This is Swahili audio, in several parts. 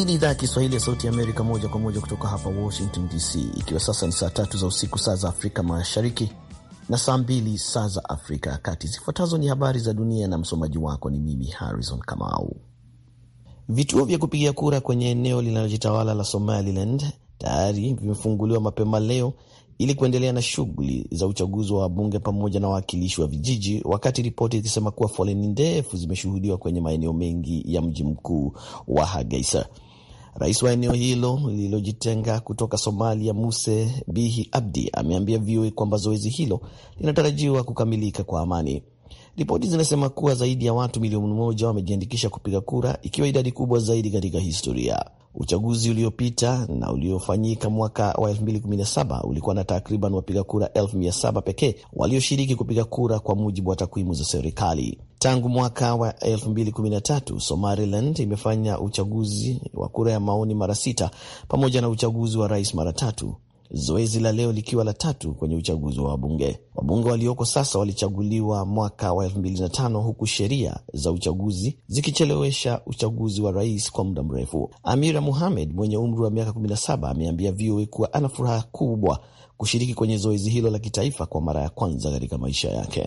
Hii ni idhaa ya Kiswahili ya Sauti Amerika, moja kwa moja kutoka hapa Washington DC, ikiwa sasa ni saa tatu za usiku saa za Afrika Mashariki na saa mbili saa za Afrika ya Kati. Zifuatazo ni habari za dunia na msomaji wako ni mimi Harrison Kamau. Vituo vya kupigia kura kwenye eneo linalojitawala la Somaliland tayari vimefunguliwa mapema leo ili kuendelea na shughuli za uchaguzi wa wabunge pamoja na wawakilishi wa vijiji, wakati ripoti ikisema kuwa foleni ndefu zimeshuhudiwa kwenye maeneo mengi ya mji mkuu wa Hargeisa. Rais wa eneo hilo lililojitenga kutoka Somalia, Muse Bihi Abdi, ameambia VOA kwamba zoezi hilo linatarajiwa kukamilika kwa amani. Ripoti zinasema kuwa zaidi ya watu milioni moja wamejiandikisha kupiga kura, ikiwa idadi kubwa zaidi katika historia. Uchaguzi uliopita na uliofanyika mwaka wa 2017 ulikuwa na takriban wapiga kura 7 pekee walioshiriki kupiga kura, kwa mujibu wa takwimu za serikali. Tangu mwaka wa 2013 Somaliland imefanya uchaguzi wa kura ya maoni mara sita pamoja na uchaguzi wa rais mara tatu, zoezi la leo likiwa la tatu kwenye uchaguzi wa wabunge. Wabunge walioko sasa walichaguliwa mwaka wa 2005 huku sheria za uchaguzi zikichelewesha uchaguzi wa rais kwa muda mrefu. Amira muhamed mwenye umri wa miaka 17 ameambia VOA kuwa ana furaha kubwa kushiriki kwenye zoezi hilo la kitaifa kwa mara ya kwanza katika maisha yake.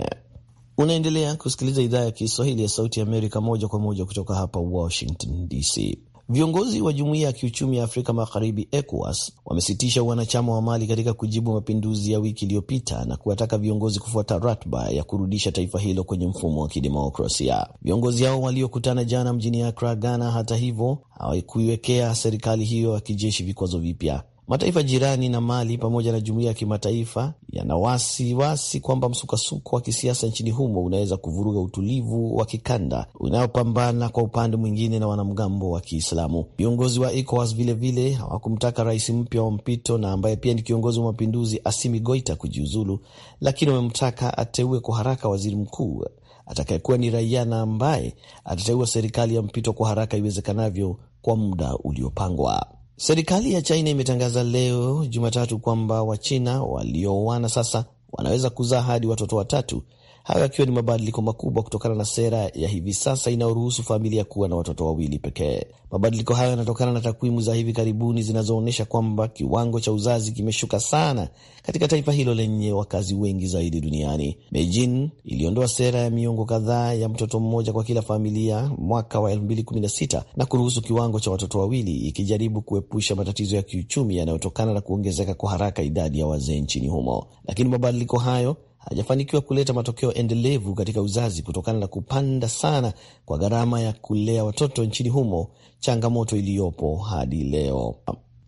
Unaendelea kusikiliza idhaa ya Kiswahili ya Sauti Amerika moja kwa moja kutoka hapa Washington DC. Viongozi wa Jumuiya ya Kiuchumi ya Afrika Magharibi, ECOWAS, wamesitisha wanachama wa Mali katika kujibu mapinduzi ya wiki iliyopita na kuwataka viongozi kufuata ratiba ya kurudisha taifa hilo kwenye mfumo wa kidemokrasia. Viongozi hao waliokutana jana mjini Akra, Ghana, hata hivyo hawakuiwekea serikali hiyo ya kijeshi vikwazo vipya. Mataifa jirani na Mali pamoja na jumuiya ya kimataifa yana wasiwasi kwamba msukasuko wa kisiasa nchini humo unaweza kuvuruga utulivu wa kikanda unayopambana kwa upande mwingine na wanamgambo wa Kiislamu. Viongozi wa ECOWAS vilevile hawakumtaka rais mpya wa mpito na ambaye pia ni kiongozi wa mapinduzi Asimi Goita kujiuzulu, lakini wamemtaka ateue kwa haraka waziri mkuu atakayekuwa ni raia na ambaye atateua serikali ya mpito kwa haraka iwezekanavyo kwa muda uliopangwa. Serikali ya China imetangaza leo Jumatatu kwamba Wachina waliooana sasa wanaweza kuzaa hadi watoto watatu hayo yakiwa ni mabadiliko makubwa kutokana na sera ya hivi sasa inayoruhusu familia kuwa na watoto wawili pekee. Mabadiliko hayo yanatokana na takwimu za hivi karibuni zinazoonyesha kwamba kiwango cha uzazi kimeshuka sana katika taifa hilo lenye wakazi wengi zaidi duniani. Beijing iliondoa sera ya miongo kadhaa ya mtoto mmoja kwa kila familia mwaka wa 2016 na kuruhusu kiwango cha watoto wawili, ikijaribu kuepusha matatizo ya kiuchumi yanayotokana na kuongezeka kwa haraka idadi ya wazee nchini humo, lakini mabadiliko hayo hajafanikiwa kuleta matokeo endelevu katika uzazi kutokana na kupanda sana kwa gharama ya kulea watoto nchini humo, changamoto iliyopo hadi leo.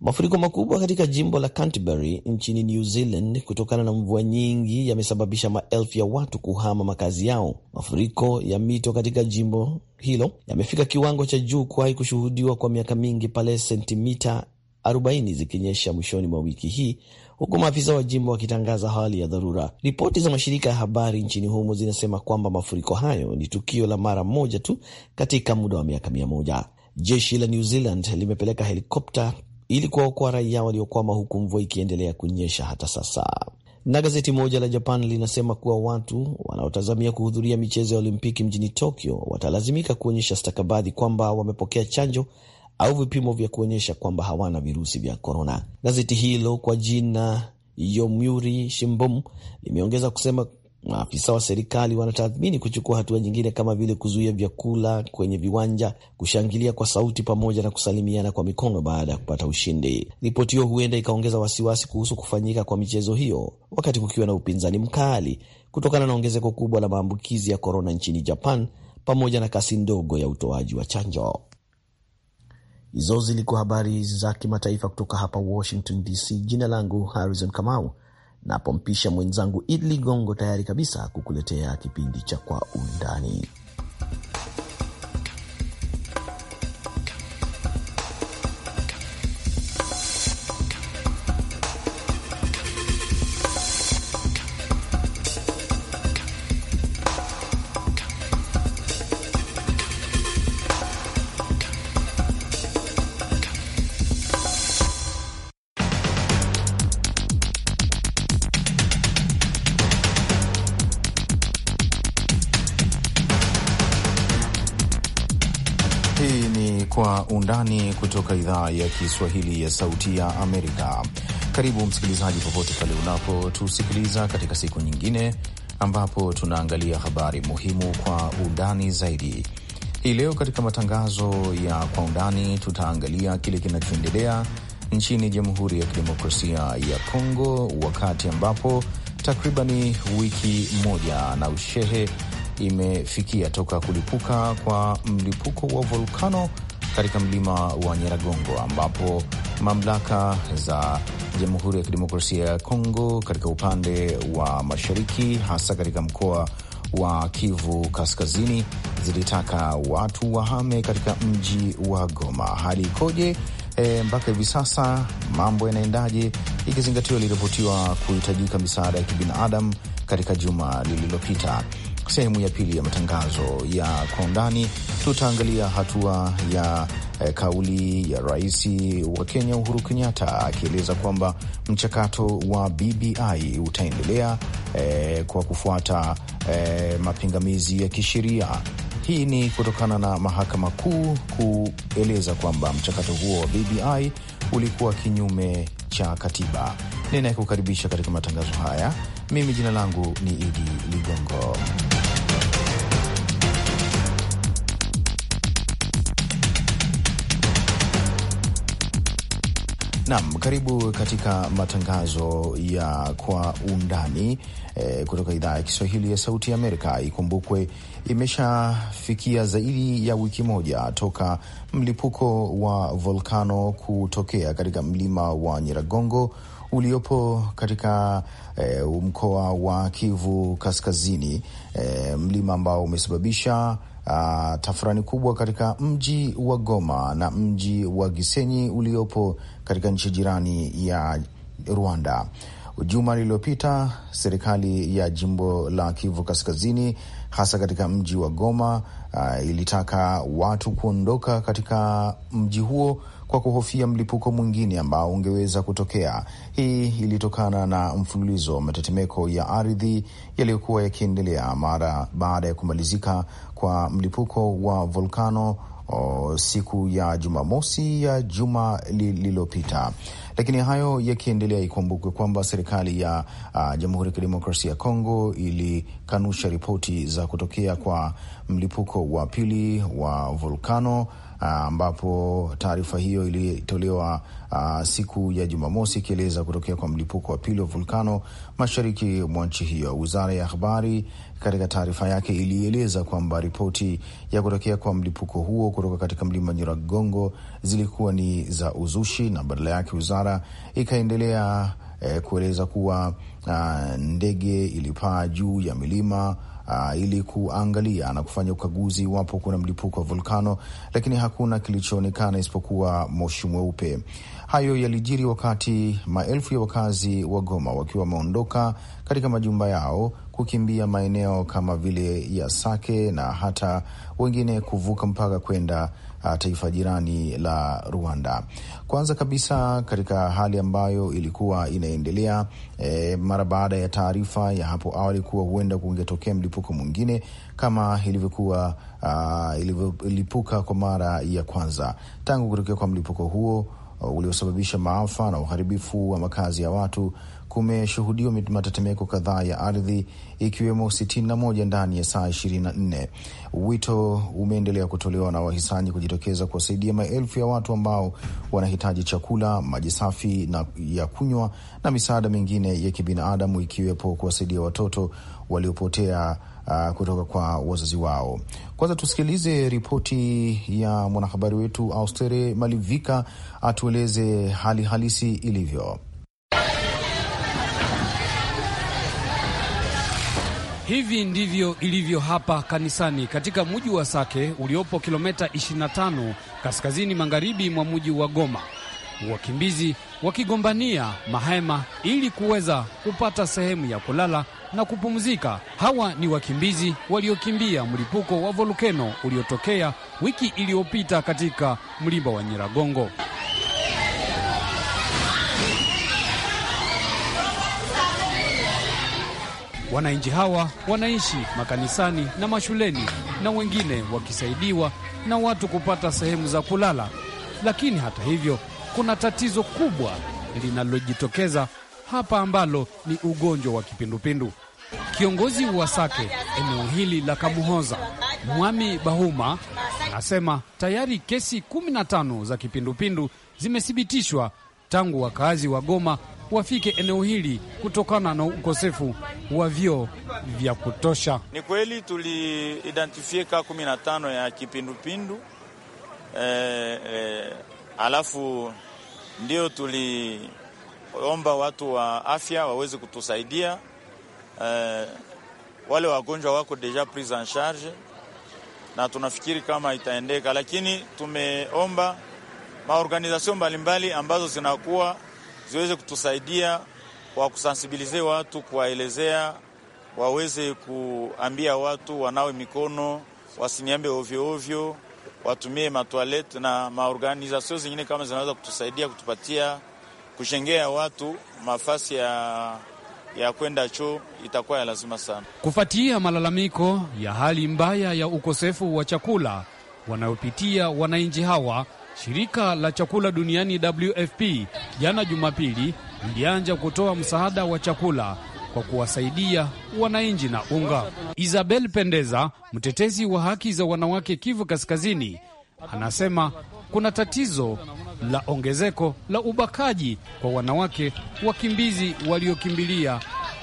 Mafuriko makubwa katika jimbo la Canterbury nchini New Zealand kutokana na mvua nyingi yamesababisha maelfu ya watu kuhama makazi yao. Mafuriko ya mito katika jimbo hilo yamefika kiwango cha juu kuwahi kushuhudiwa kwa miaka mingi, pale sentimita 40 zikinyesha mwishoni mwa wiki hii, huku maafisa wa jimbo wakitangaza hali ya dharura. Ripoti za mashirika ya habari nchini humo zinasema kwamba mafuriko hayo ni tukio la mara moja tu katika muda wa miaka mia moja. Jeshi la New Zealand limepeleka helikopta ili kuwaokoa raia waliokwama huku mvua ikiendelea kunyesha hata sasa. Na gazeti moja la Japan linasema kuwa watu wanaotazamia kuhudhuria michezo ya Olimpiki mjini Tokyo watalazimika kuonyesha stakabadhi kwamba wamepokea chanjo au vipimo vya kuonyesha kwamba hawana virusi vya korona. Gazeti hilo kwa jina yomuri Shimbum limeongeza kusema maafisa wa serikali wanatathmini kuchukua hatua nyingine kama vile kuzuia vyakula kwenye viwanja, kushangilia kwa sauti, pamoja na kusalimiana kwa mikono baada ya kupata ushindi. Ripoti hiyo huenda ikaongeza wasiwasi kuhusu kufanyika kwa michezo hiyo wakati kukiwa na upinzani mkali kutokana na ongezeko kubwa la maambukizi ya korona nchini Japan pamoja na kasi ndogo ya utoaji wa chanjo. Hizo zilikuwa habari za kimataifa kutoka hapa Washington DC. Jina langu Harrison Kamau, napompisha mwenzangu Idli Gongo tayari kabisa kukuletea kipindi cha Kwa Undani. kutoka idhaa ya Kiswahili ya Sauti ya Amerika. Karibu msikilizaji, popote pale unapotusikiliza katika siku nyingine ambapo tunaangalia habari muhimu kwa undani zaidi. Hii leo katika matangazo ya kwa undani tutaangalia kile kinachoendelea nchini Jamhuri ya Kidemokrasia ya Kongo wakati ambapo takribani wiki moja na ushehe imefikia toka kulipuka kwa mlipuko wa volkano katika mlima wa Nyiragongo ambapo mamlaka za Jamhuri ya Kidemokrasia ya Kongo katika upande wa mashariki hasa katika mkoa wa Kivu Kaskazini zilitaka watu wahame katika mji wa Goma. Hali ikoje e, mpaka hivi sasa mambo yanaendaje, ikizingatiwa iliripotiwa kuhitajika misaada ya kibinadamu katika juma lililopita? sehemu ya pili ya matangazo ya kwa undani, tutaangalia hatua ya eh, kauli ya rais wa Kenya Uhuru Kenyatta akieleza kwamba mchakato wa BBI utaendelea eh, kwa kufuata eh, mapingamizi ya kisheria. Hii ni kutokana na mahakama kuu kueleza kwamba mchakato huo wa BBI ulikuwa kinyume cha katiba. Ninayekukaribisha katika matangazo haya, mimi jina langu ni Idi Ligongo. Naam, karibu katika matangazo ya kwa undani e, kutoka idhaa ya Kiswahili ya Sauti ya Amerika. Ikumbukwe imeshafikia zaidi ya wiki moja toka mlipuko wa volkano kutokea katika mlima wa Nyiragongo uliopo katika e, mkoa wa Kivu Kaskazini, e, mlima ambao umesababisha uh, tafurani kubwa katika mji wa Goma na mji wa Gisenyi uliopo katika nchi jirani ya Rwanda. Juma lililopita serikali ya jimbo la Kivu Kaskazini, hasa katika mji wa Goma uh, ilitaka watu kuondoka katika mji huo kwa kuhofia mlipuko mwingine ambao ungeweza kutokea. Hii ilitokana na mfululizo wa matetemeko ya ardhi yaliyokuwa yakiendelea mara baada ya kumalizika kwa mlipuko wa volkano o, siku ya Jumamosi ya juma lililopita. Lakini hayo yakiendelea, ikumbukwe kwamba serikali ya uh, Jamhuri ya Kidemokrasia ya Kongo ilikanusha ripoti za kutokea kwa mlipuko wa pili wa volkano Ah, ambapo taarifa hiyo ilitolewa uh, siku ya Jumamosi ikieleza kutokea kwa mlipuko wa pili wa vulkano mashariki mwa nchi hiyo. Wizara ya habari katika taarifa yake ilieleza kwamba ripoti ya kutokea kwa mlipuko huo kutoka katika mlima Nyiragongo zilikuwa ni za uzushi, na badala yake wizara ikaendelea eh, kueleza kuwa uh, ndege ilipaa juu ya milima uh, ili kuangalia na kufanya ukaguzi iwapo kuna mlipuko wa volkano, lakini hakuna kilichoonekana isipokuwa moshi mweupe. Hayo yalijiri wakati maelfu ya wakazi wa Goma wakiwa wameondoka katika majumba yao kukimbia maeneo kama vile ya Sake na hata wengine kuvuka mpaka kwenda Uh, taifa jirani la Rwanda. Kwanza kabisa katika hali ambayo ilikuwa inaendelea e, mara baada ya taarifa ya hapo awali kuwa huenda kungetokea mlipuko mwingine kama ilivyokuwa uh, ilivyolipuka kwa mara ya kwanza tangu kutokea kwa mlipuko huo uh, uliosababisha maafa na uharibifu wa makazi ya watu kumeshuhudiwa matetemeko kadhaa ya ardhi ikiwemo 61 ndani ya saa 24. Wito umeendelea kutolewa na wahisani kujitokeza kuwasaidia maelfu ya watu ambao wanahitaji chakula, maji safi na ya kunywa na misaada mingine ya kibinadamu ikiwepo kuwasaidia watoto waliopotea uh, kutoka kwa wazazi wao. Kwanza tusikilize ripoti ya mwanahabari wetu Austere Malivika atueleze hali halisi ilivyo. Hivi ndivyo ilivyo hapa kanisani katika mji wa Sake uliopo kilomita 25 kaskazini magharibi mwa mji wa Goma, wakimbizi wakigombania mahema ili kuweza kupata sehemu ya kulala na kupumzika. Hawa ni wakimbizi waliokimbia mlipuko wa volkeno uliotokea wiki iliyopita katika mlima wa Nyiragongo. Wananchi hawa wanaishi makanisani na mashuleni na wengine wakisaidiwa na watu kupata sehemu za kulala. Lakini hata hivyo, kuna tatizo kubwa linalojitokeza hapa ambalo ni ugonjwa wa kipindupindu. Kiongozi wa Sake eneo hili la Kamuhoza, Mwami Bahuma, anasema tayari kesi 15 za kipindupindu zimethibitishwa tangu wakazi wa Goma wafike eneo hili kutokana na ukosefu wa vyoo vya kutosha. Ni kweli tuliidentifie kaa kumi na tano ya kipindupindu eh, eh, alafu ndio tuliomba watu wa afya waweze kutusaidia eh, wale wagonjwa wako deja prise en charge na tunafikiri kama itaendeka, lakini tumeomba maorganizasio mbalimbali ambazo zinakuwa ziweze kutusaidia kwa kusansibilize watu, kuwaelezea waweze kuambia watu wanawe mikono, wasiniambe ovyo ovyo, watumie matoilet na maorganizasio zingine kama zinaweza kutusaidia kutupatia kushengea watu mafasi ya ya kwenda choo itakuwa ya lazima sana. Kufuatia malalamiko ya hali mbaya ya ukosefu wa chakula wanayopitia wananchi hawa Shirika la chakula duniani WFP jana Jumapili lilianza kutoa msaada wa chakula kwa kuwasaidia wananchi na unga. Isabel Pendeza, mtetezi wa haki za wanawake Kivu Kaskazini, anasema kuna tatizo la ongezeko la ubakaji kwa wanawake wakimbizi waliokimbilia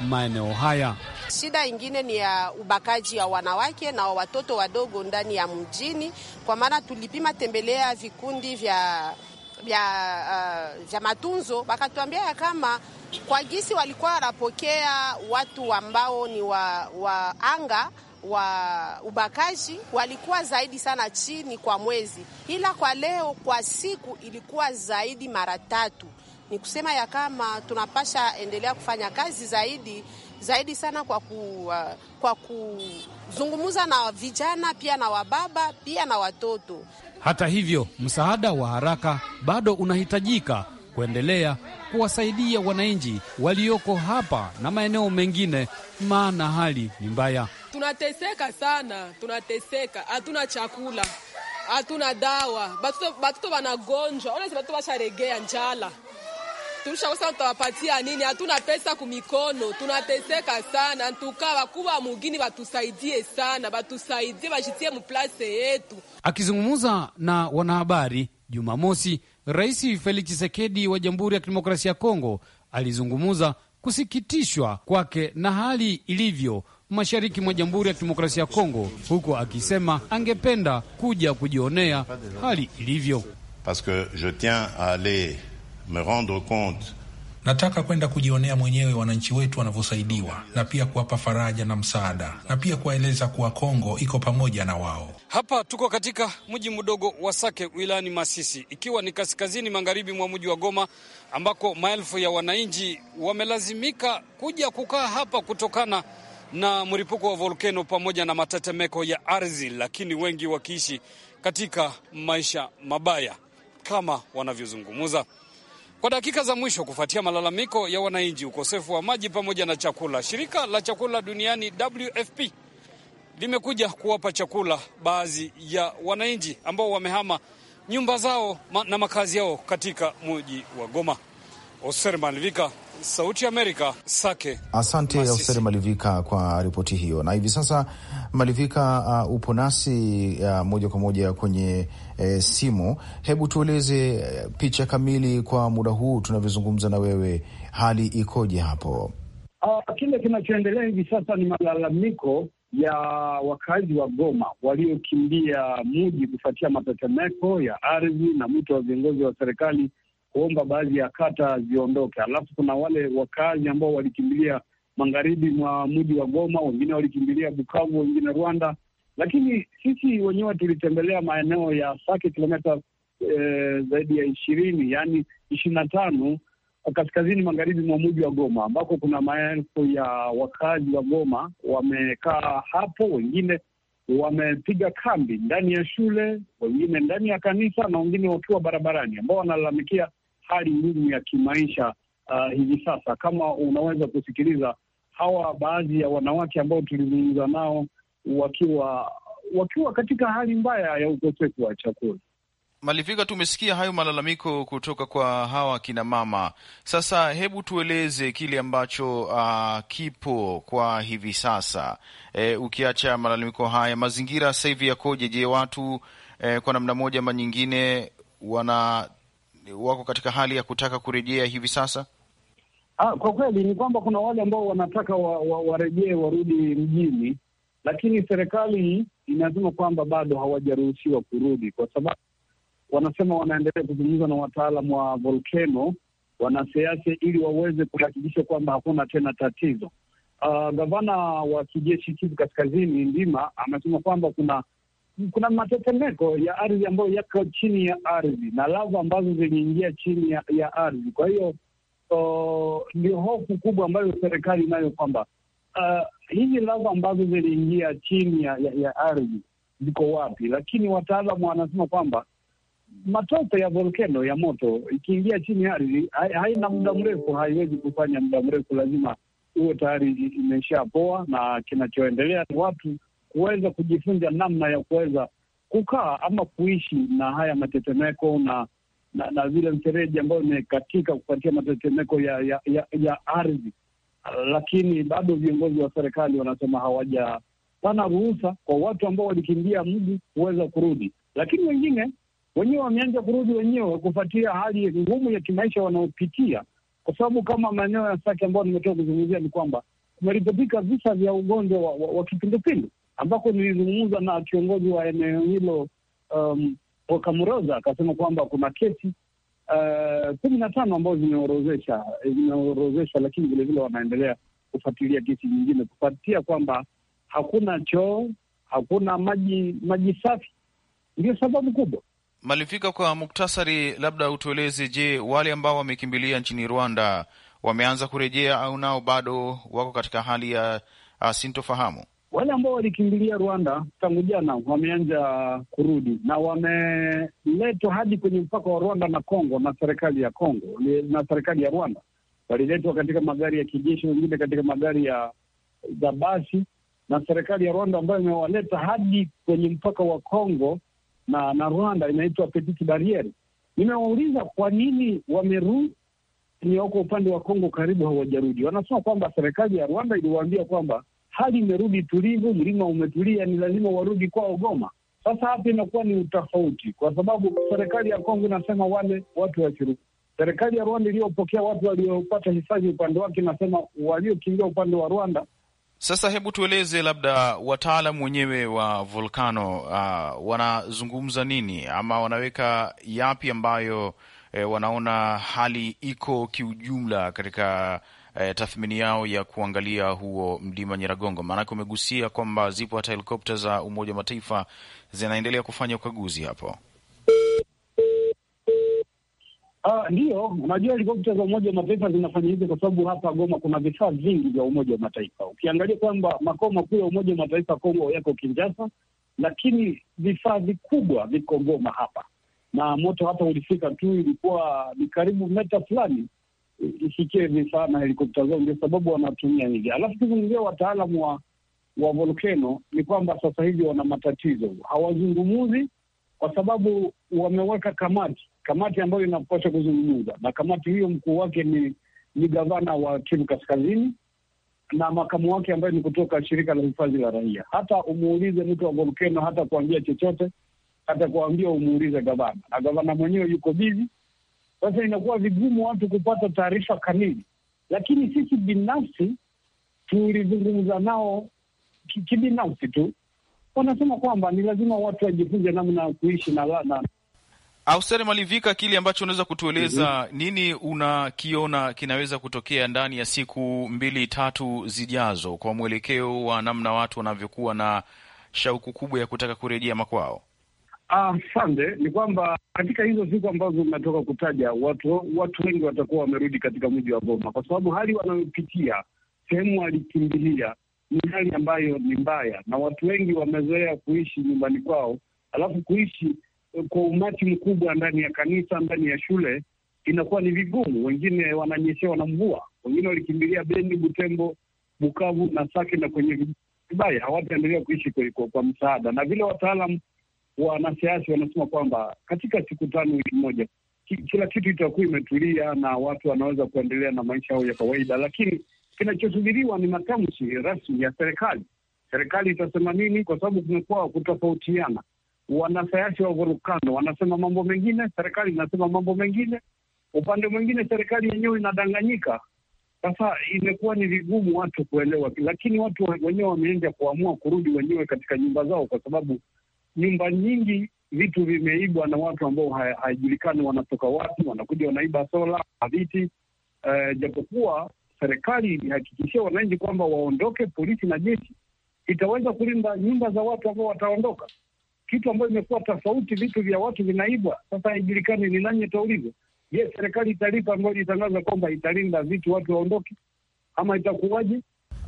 maeneo haya. Shida ingine ni ya ubakaji wa wanawake na watoto wadogo ndani ya mjini, kwa maana tulipima tembelea vikundi vya vya, uh, vya matunzo wakatuambia ya kama kwa gisi walikuwa wanapokea watu ambao ni wa, wa anga wa ubakaji walikuwa zaidi sana chini kwa mwezi, ila kwa leo kwa siku ilikuwa zaidi mara tatu. Ni kusema ya kama tunapasha endelea kufanya kazi zaidi zaidi sana kwa, ku, uh, kwa kuzungumza na vijana pia na wababa pia na watoto. Hata hivyo, msaada wa haraka bado unahitajika kuendelea kuwasaidia wananchi walioko hapa na maeneo mengine, maana hali ni mbaya. Tunateseka sana, tunateseka, hatuna chakula, hatuna dawa, batoto wanagonjwa onesi batoto washaregea njala tushausa tutawapatia nini? Hatuna pesa kumikono, tunateseka sana. Ntuka wakuwa mugini watusaidie sana, watusaidie washitie muplase yetu. Akizungumza na wanahabari Jumamosi, Rais Felix chisekedi wa Jamhuri ya Kidemokrasia ya Kongo alizungumza kusikitishwa kwake na hali ilivyo mashariki mwa Jamhuri ya Kidemokrasia ya Kongo, huku akisema angependa kuja kujionea hali ilivyo. Parce que je tiens à aller me rendre compte Nataka kwenda kujionea mwenyewe wananchi wetu wanavyosaidiwa na pia kuwapa faraja na msaada na pia kuwaeleza kuwa Kongo iko pamoja na wao. Hapa tuko katika mji mdogo wa Sake wilayani Masisi, ikiwa ni kaskazini magharibi mwa mji wa Goma, ambako maelfu ya wananchi wamelazimika kuja kukaa hapa kutokana na mlipuko wa volkeno pamoja na matetemeko ya ardhi, lakini wengi wakiishi katika maisha mabaya kama wanavyozungumza kwa dakika za mwisho, kufuatia malalamiko ya wananchi, ukosefu wa maji pamoja na chakula, shirika la chakula duniani WFP limekuja kuwapa chakula baadhi ya wananchi ambao wamehama nyumba zao na makazi yao katika mji wa Goma. Oser Malvika, Sauti Amerika, Sake. Asante Oser Malivika kwa ripoti hiyo. Na hivi sasa Malivika, uh, upo nasi uh, moja kwa moja kwenye uh, simu. Hebu tueleze uh, picha kamili kwa muda huu tunavyozungumza na wewe, hali ikoje hapo? Uh, kile kinachoendelea hivi sasa ni malalamiko ya wakazi wa Goma waliokimbia mji kufuatia matetemeko ya ardhi na mwito wa viongozi wa serikali kuomba baadhi ya kata ziondoke. Alafu kuna wale wakazi ambao walikimbilia magharibi mwa mji wa Goma, wengine walikimbilia Bukavu, wengine Rwanda, lakini sisi wenyewe tulitembelea maeneo ya Sake kilometa e, eh, zaidi ya ishirini yaani ishirini na tano kaskazini magharibi mwa mji wa Goma ambako kuna maelfu ya wakazi wa Goma wamekaa hapo, wengine wamepiga kambi ndani ya shule, wengine ndani ya kanisa na wengine wakiwa barabarani, ambao wanalalamikia hali ngumu ya kimaisha uh, hivi sasa. Kama unaweza kusikiliza hawa baadhi ya wanawake ambao tulizungumza nao wakiwa wakiwa katika hali mbaya ya ukosefu wa chakula. Malivika, tumesikia hayo malalamiko kutoka kwa hawa kina mama. Sasa hebu tueleze kile ambacho uh, kipo kwa hivi sasa. E, ukiacha malalamiko haya, mazingira sasa hivi yakoje? Je, watu e, kwa namna moja ama nyingine wana wako katika hali ya kutaka kurejea hivi sasa? Ah, kwa kweli ni kwamba kuna wale ambao wanataka warejee wa, wa warudi mjini, lakini serikali inasema kwamba bado hawajaruhusiwa kurudi, kwa sababu wanasema wanaendelea kuzungumza na wataalam wa volkeno, wanasiasa, ili waweze kuhakikisha kwamba hakuna tena tatizo. Uh, gavana wa kijeshi Kivu Kaskazini Ndima amesema kwamba kuna kuna matetemeko ya ardhi ambayo yako chini ya ardhi na lava ambazo zimeingia chini ya, ya ardhi. Kwa hiyo ndio hofu kubwa ambayo serikali inayo kwamba uh, hizi lava ambazo ziliingia chini ya, ya, ya ardhi ziko wapi? Lakini wataalamu wanasema kwamba matope ya volkeno ya moto ikiingia chini ya ardhi haina muda mrefu, haiwezi kufanya muda mrefu, lazima huo tayari imeshapoa, na kinachoendelea ni watu kuweza kujifunza namna ya kuweza kukaa ama kuishi na haya matetemeko na na, na vile mfereji ambayo imekatika kupatia matetemeko ya ya, ya, ya ardhi, lakini bado viongozi wa serikali wanasema hawajapana ruhusa kwa watu ambao walikimbia mji kuweza kurudi, lakini wengine wenyewe wameanza kurudi wenyewe kufuatia hali ngumu ya kimaisha wanaopitia, kwa sababu kama maeneo ya Sake ambayo nimetoka kuzungumzia ni kwamba kumeripotika visa vya ugonjwa wa, wa, wa kipindupindu ambako nilizungumza na kiongozi wa eneo hilo um, Wakamuroza akasema kwamba kuna kesi uh, kumi uh, na tano ambazo zimeorozesha zimeorozeshwa, lakini vilevile wanaendelea kufuatilia kesi nyingine kufuatia kwamba hakuna choo, hakuna maji maji safi, ndio sababu kubwa. Malifika, kwa muktasari, labda utueleze, je, wale ambao wamekimbilia nchini Rwanda wameanza kurejea au nao bado wako katika hali ya uh, sintofahamu? Wale ambao walikimbilia Rwanda tangu jana wameanza kurudi na wameletwa hadi kwenye mpaka wa Rwanda na Kongo na serikali ya Kongo na serikali ya Rwanda. Waliletwa katika magari ya kijeshi, wengine katika magari ya za basi, na serikali ya Rwanda ambayo imewaleta hadi kwenye mpaka wa Kongo na na Rwanda, inaitwa Petite Barriere. Nimewauliza kwa nini wamerudi ni wako upande wa Kongo karibu hawajarudi. Wanasema kwamba serikali ya Rwanda iliwaambia kwamba hali imerudi tulivu, mlima umetulia, ni lazima warudi kwao Goma. Sasa hapa inakuwa ni utofauti, kwa sababu serikali ya Kongo inasema wale watu washiriki. Serikali ya Rwanda iliyopokea watu waliopata hifadhi upande wake inasema waliokimbia upande wa Rwanda. Sasa hebu tueleze, labda wataalam wenyewe wa volkano uh, wanazungumza nini ama wanaweka yapi ambayo eh, wanaona hali iko kiujumla katika eh, tathmini yao ya kuangalia huo mlima Nyiragongo? Maanake umegusia kwamba zipo hata helikopta za Umoja wa Mataifa zinaendelea kufanya ukaguzi hapo. Uh, unajua helikopta za Umoja wa Mataifa zinafanya hivi kwa sababu hapa Goma kuna vifaa vingi vya Umoja wa Mataifa. Ukiangalia kwamba makao makuu ya Umoja wa Mataifa Kongo yako Kinshasa, lakini vifaa vikubwa viko Goma hapa, na moto hapa ulifika tu, ilikuwa ni karibu meta fulani isikie vifaa na helikopta zao, ndio sababu wanatumia hivi. Alafu kizungumzia wataalamu wa wa volkeno ni kwamba sasa hivi wana matatizo, hawazungumuzi kwa sababu wameweka kamati, kamati ambayo inapaswa kuzungumza, na kamati hiyo mkuu wake ni ni gavana wa Kivu Kaskazini na makamu wake ambaye ni kutoka shirika la hifadhi la raia. Hata umuulize mtu wa volkeno, hata kuambia chochote, hata kuambia umuulize gavana, na gavana mwenyewe yuko bizi sasa inakuwa vigumu watu kupata taarifa kamili, lakini sisi binafsi tulizungumza nao kibinafsi tu, wanasema kwamba ni lazima watu wajifunze namna ya kuishi na wana Austeri Malivika, kile ambacho unaweza kutueleza mm -hmm. nini unakiona kinaweza kutokea ndani ya siku mbili tatu zijazo, kwa mwelekeo wa namna watu wanavyokuwa na shauku kubwa ya kutaka kurejea makwao? Ah, asante. ni kwamba katika hizo siku ambazo mnatoka kutaja, watu watu wengi watakuwa wamerudi katika mji wa Goma, kwa sababu hali wanayopitia sehemu walikimbilia ni hali ambayo ni mbaya, na watu wengi wamezoea kuishi nyumbani kwao, alafu kuishi eh, kwa umati mkubwa ndani ya kanisa, ndani ya shule inakuwa ni vigumu. Wengine wananyeshewa na mvua, wengine walikimbilia Beni, Butembo, Bukavu na Sake na kwenye vibaya, hawataendelea kuishi kwa, kwa msaada na vile wataalam wanasiasa wanasema kwamba katika siku tano, wiki moja, kila kitu itakuwa imetulia na watu wanaweza kuendelea na maisha yao ya kawaida, lakini kinachosubiriwa ni matamshi rasmi ya serikali. Serikali itasema nini? Kwa sababu kumekuwa kutofautiana. Wanasayansi wa volkano wanasema mambo mengine, serikali inasema mambo mengine, upande mwingine serikali yenyewe inadanganyika. Sasa imekuwa ni vigumu watu kuelewa, lakini watu wenyewe wameenda kuamua kurudi wenyewe katika nyumba zao, kwa sababu nyumba nyingi vitu vimeibwa na watu ambao haijulikani wanatoka wapi, wanakuja wanaiba sola na viti. Uh, eh, japokuwa serikali ilihakikishia wananchi kwamba waondoke polisi na jeshi itaweza kulinda nyumba za watu ambao wataondoka, kitu ambayo imekuwa tofauti. Vitu vya watu vinaibwa, sasa haijulikani ni nani ataulizwa. Je, serikali italipa ambayo ilitangaza kwamba italinda vitu watu waondoke, ama itakuwaje?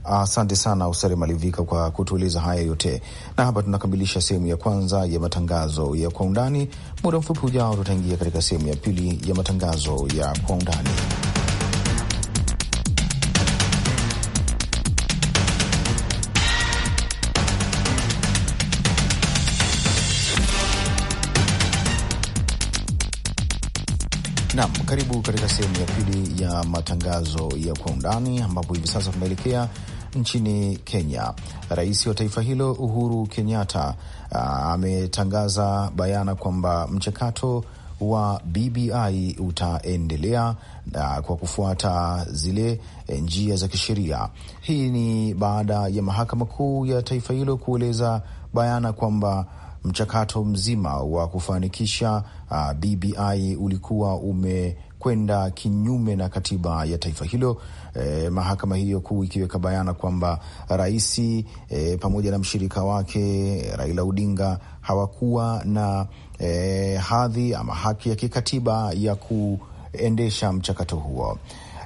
Asante uh, sana Usare Malivika kwa kutueleza haya yote, na hapa tunakamilisha sehemu ya kwanza ya matangazo ya kwa undani. Muda mfupi ujao, tutaingia katika sehemu ya pili ya matangazo ya kwa undani. Nam, karibu katika sehemu ya pili ya matangazo ya kwa undani ambapo hivi sasa tunaelekea nchini Kenya. Rais wa taifa hilo Uhuru Kenyatta ah, ametangaza bayana kwamba mchakato wa BBI utaendelea ah, kwa kufuata zile eh, njia za kisheria. Hii ni baada ya mahakama kuu ya taifa hilo kueleza bayana kwamba mchakato mzima wa kufanikisha uh, ah, BBI ulikuwa ume kwenda kinyume na katiba ya taifa hilo. Eh, mahakama hiyo kuu ikiweka bayana kwamba rais eh, pamoja na mshirika wake Raila Odinga hawakuwa na eh, hadhi ama haki ya kikatiba ya kuendesha mchakato huo.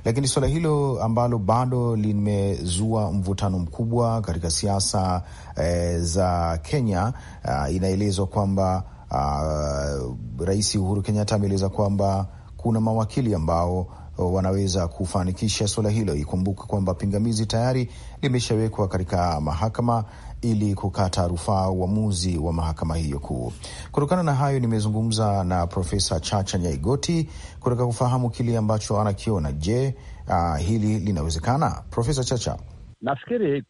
Lakini suala hilo ambalo bado limezua mvutano mkubwa katika siasa eh, za Kenya, ah, inaelezwa kwamba uh, Rais Uhuru Kenyatta ameeleza kwamba kuna mawakili ambao uh, wanaweza kufanikisha suala hilo. Ikumbuke kwamba pingamizi tayari limeshawekwa katika mahakama ili kukata rufaa uamuzi wa mahakama hiyo kuu. Kutokana na hayo, nimezungumza na Profesa Chacha Nyaigoti kutaka kufahamu kile ambacho anakiona. Je, uh, hili linawezekana? Profesa Chacha, nafikiri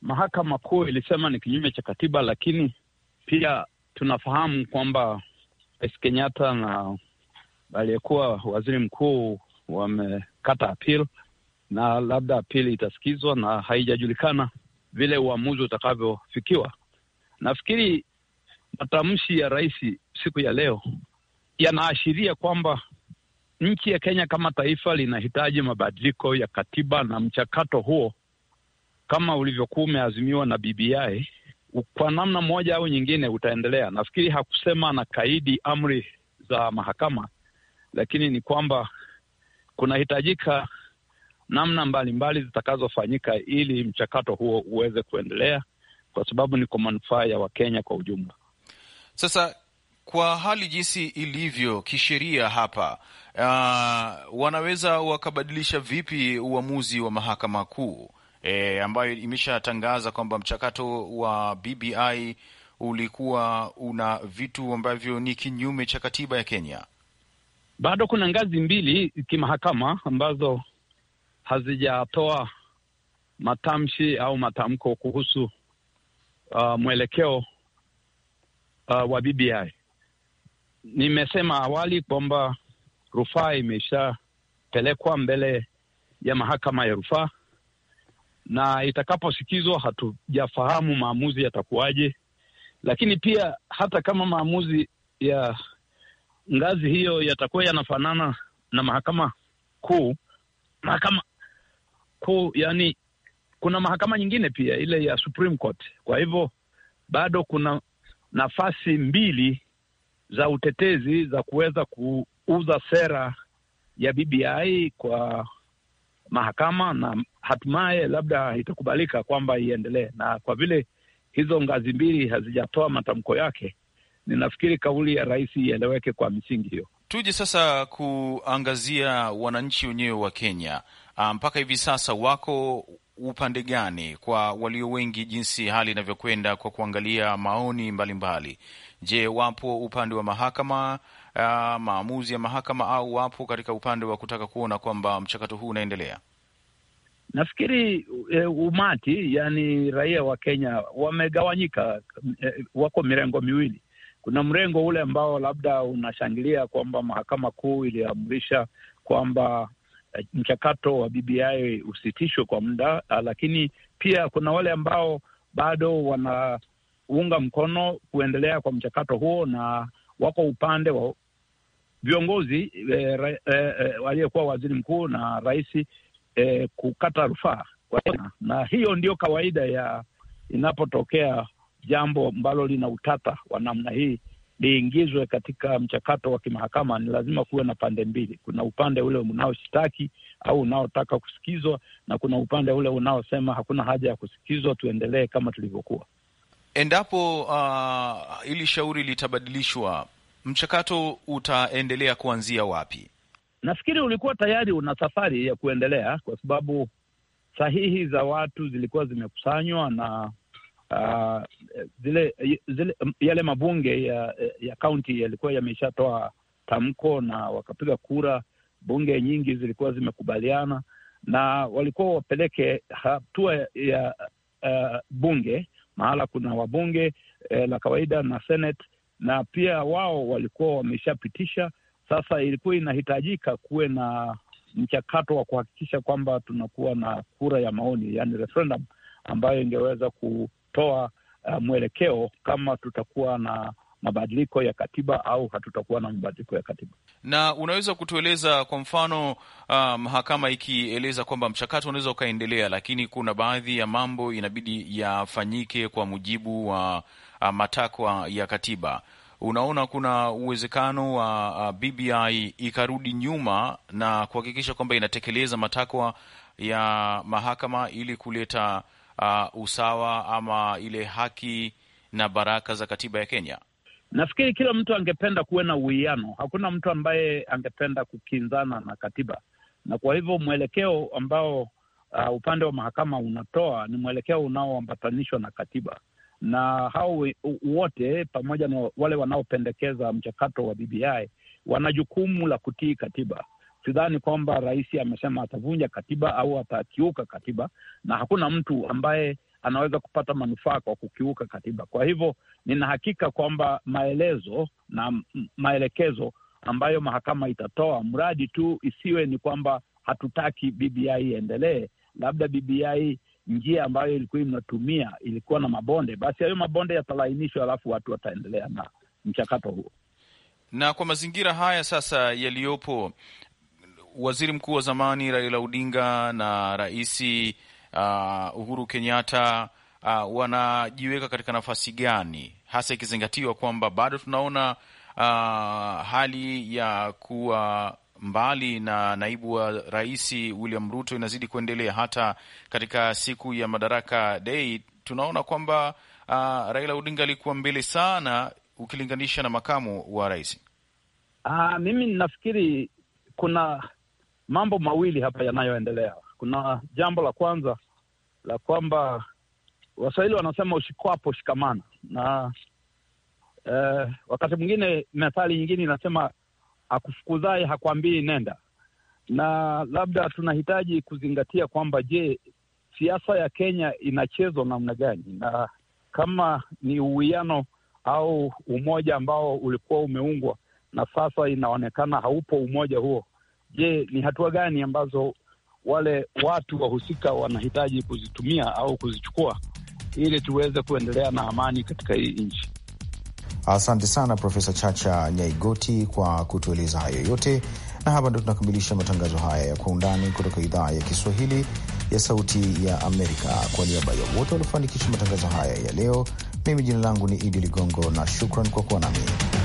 mahakama kuu ilisema ni kinyume cha katiba, lakini pia tunafahamu kwamba Rais Kenyatta na aliyekuwa waziri mkuu wamekata apil na labda apili itasikizwa, na haijajulikana vile uamuzi utakavyofikiwa. Nafikiri matamshi ya rais siku ya leo yanaashiria kwamba nchi ya Kenya kama taifa linahitaji mabadiliko ya katiba, na mchakato huo kama ulivyokuwa umeazimiwa na BBI kwa namna moja au nyingine utaendelea. Nafikiri hakusema na kaidi amri za mahakama, lakini ni kwamba kunahitajika namna mbalimbali zitakazofanyika ili mchakato huo uweze kuendelea, kwa sababu ni kwa manufaa ya Wakenya kwa ujumla. Sasa kwa hali jinsi ilivyo kisheria hapa, uh, wanaweza wakabadilisha vipi uamuzi wa mahakama kuu e, ambayo imeshatangaza kwamba mchakato wa BBI ulikuwa una vitu ambavyo ni kinyume cha katiba ya Kenya? Bado kuna ngazi mbili kimahakama ambazo hazijatoa matamshi au matamko kuhusu uh, mwelekeo uh, wa BBI. Nimesema awali kwamba rufaa imeshapelekwa mbele ya mahakama ya rufaa na itakaposikizwa, hatujafahamu maamuzi yatakuwaje, lakini pia hata kama maamuzi ya ngazi hiyo yatakuwa yanafanana na mahakama kuu. Mahakama kuu, yani kuna mahakama nyingine pia ile ya Supreme Court. Kwa hivyo bado kuna nafasi mbili za utetezi za kuweza kuuza sera ya BBI kwa mahakama na hatimaye labda itakubalika kwamba iendelee. Na kwa vile hizo ngazi mbili hazijatoa matamko yake, ninafikiri kauli ya rais ieleweke kwa misingi hiyo. Tuje sasa kuangazia wananchi wenyewe wa Kenya ah, mpaka um, hivi sasa wako upande gani? Kwa walio wengi, jinsi hali inavyokwenda kwa kuangalia maoni mbalimbali Je, wapo upande wa mahakama uh, maamuzi ya mahakama au wapo katika upande wa kutaka kuona kwamba mchakato huu unaendelea? Nafikiri e, umati, yani raia wa Kenya wamegawanyika, e, wako mirengo miwili kuna mrengo ule ambao labda unashangilia kwamba mahakama kuu iliamrisha kwamba eh, mchakato wa BBI usitishwe kwa muda, ah, lakini pia kuna wale ambao bado wanaunga mkono kuendelea kwa mchakato huo na wako upande wa viongozi waliyekuwa eh, e, eh, e, aliyekuwa waziri mkuu na rais e, kukata rufaa na hiyo ndiyo kawaida ya inapotokea jambo ambalo lina utata wa namna hii liingizwe katika mchakato wa kimahakama, ni lazima kuwe na pande mbili. Kuna upande ule unaoshtaki au unaotaka kusikizwa na kuna upande ule unaosema hakuna haja ya kusikizwa, tuendelee kama tulivyokuwa. Endapo uh, ili shauri litabadilishwa, mchakato utaendelea kuanzia wapi? Nafikiri ulikuwa tayari una safari ya kuendelea, kwa sababu sahihi za watu zilikuwa zimekusanywa na uh, zile, zile yale mabunge ya ya kaunti yalikuwa yameshatoa tamko na wakapiga kura. Bunge nyingi zilikuwa zimekubaliana na walikuwa wapeleke hatua ya uh, bunge mahala kuna wabunge eh, la kawaida na Senate, na pia wao walikuwa wameshapitisha. Sasa ilikuwa inahitajika kuwe na mchakato wa kuhakikisha kwamba tunakuwa na kura ya maoni, yani referendum ambayo ingeweza ku kutoa uh, mwelekeo kama tutakuwa na mabadiliko ya katiba au hatutakuwa na mabadiliko ya katiba. Na unaweza kutueleza kwa mfano, ah, mahakama um, ikieleza kwamba mchakato unaweza ukaendelea, lakini kuna baadhi ya mambo inabidi yafanyike kwa mujibu wa uh, matakwa ya katiba. Unaona kuna uwezekano wa uh, uh, ah, BBI ikarudi nyuma na kuhakikisha kwamba inatekeleza matakwa ya mahakama ili kuleta uh, usawa ama ile haki na baraka za katiba ya Kenya? Nafikiri kila mtu angependa kuwe na uwiano. Hakuna mtu ambaye angependa kukinzana na katiba, na kwa hivyo mwelekeo ambao uh, upande wa mahakama unatoa ni mwelekeo unaoambatanishwa na katiba, na hao wote pamoja na wale wanaopendekeza mchakato wa BBI wana jukumu la kutii katiba sidhani kwamba rais amesema atavunja katiba au atakiuka katiba, na hakuna mtu ambaye anaweza kupata manufaa kwa kukiuka katiba. Kwa hivyo nina hakika kwamba maelezo na maelekezo ambayo mahakama itatoa, mradi tu isiwe ni kwamba hatutaki BBI iendelee. Labda BBI njia ambayo ilikuwa inatumia ilikuwa na mabonde, basi hayo mabonde yatalainishwa, alafu watu wataendelea na mchakato huo. Na kwa mazingira haya sasa yaliyopo, waziri mkuu wa zamani Raila Odinga na rais uh, Uhuru Kenyatta uh, wanajiweka katika nafasi gani hasa ikizingatiwa kwamba bado tunaona uh, hali ya kuwa mbali na naibu wa rais William Ruto inazidi kuendelea. Hata katika siku ya Madaraka Day tunaona kwamba uh, Raila Odinga alikuwa mbele sana ukilinganisha na makamu wa rais. Uh, mimi nafikiri kuna mambo mawili hapa yanayoendelea. Kuna jambo la kwanza la kwamba Waswahili wanasema ushikwapo shikamana, na eh, wakati mwingine methali nyingine inasema akufukuzai hakwambii nenda, na labda tunahitaji kuzingatia kwamba, je, siasa ya Kenya inachezwa namna gani, na kama ni uwiano au umoja ambao ulikuwa umeungwa na sasa inaonekana haupo umoja huo je, ni hatua gani ambazo wale watu wahusika wanahitaji kuzitumia au kuzichukua ili tuweze kuendelea na amani katika hii nchi. Asante sana Profesa Chacha Nyaigoti kwa kutueleza hayo yote, na hapa ndo tunakamilisha matangazo haya ya Kwa Undani kutoka idhaa ya Kiswahili ya Sauti ya Amerika. Kwa niaba ya wote waliofanikisha matangazo haya ya leo, mimi jina langu ni Idi Ligongo na shukran kwa kuwa nami.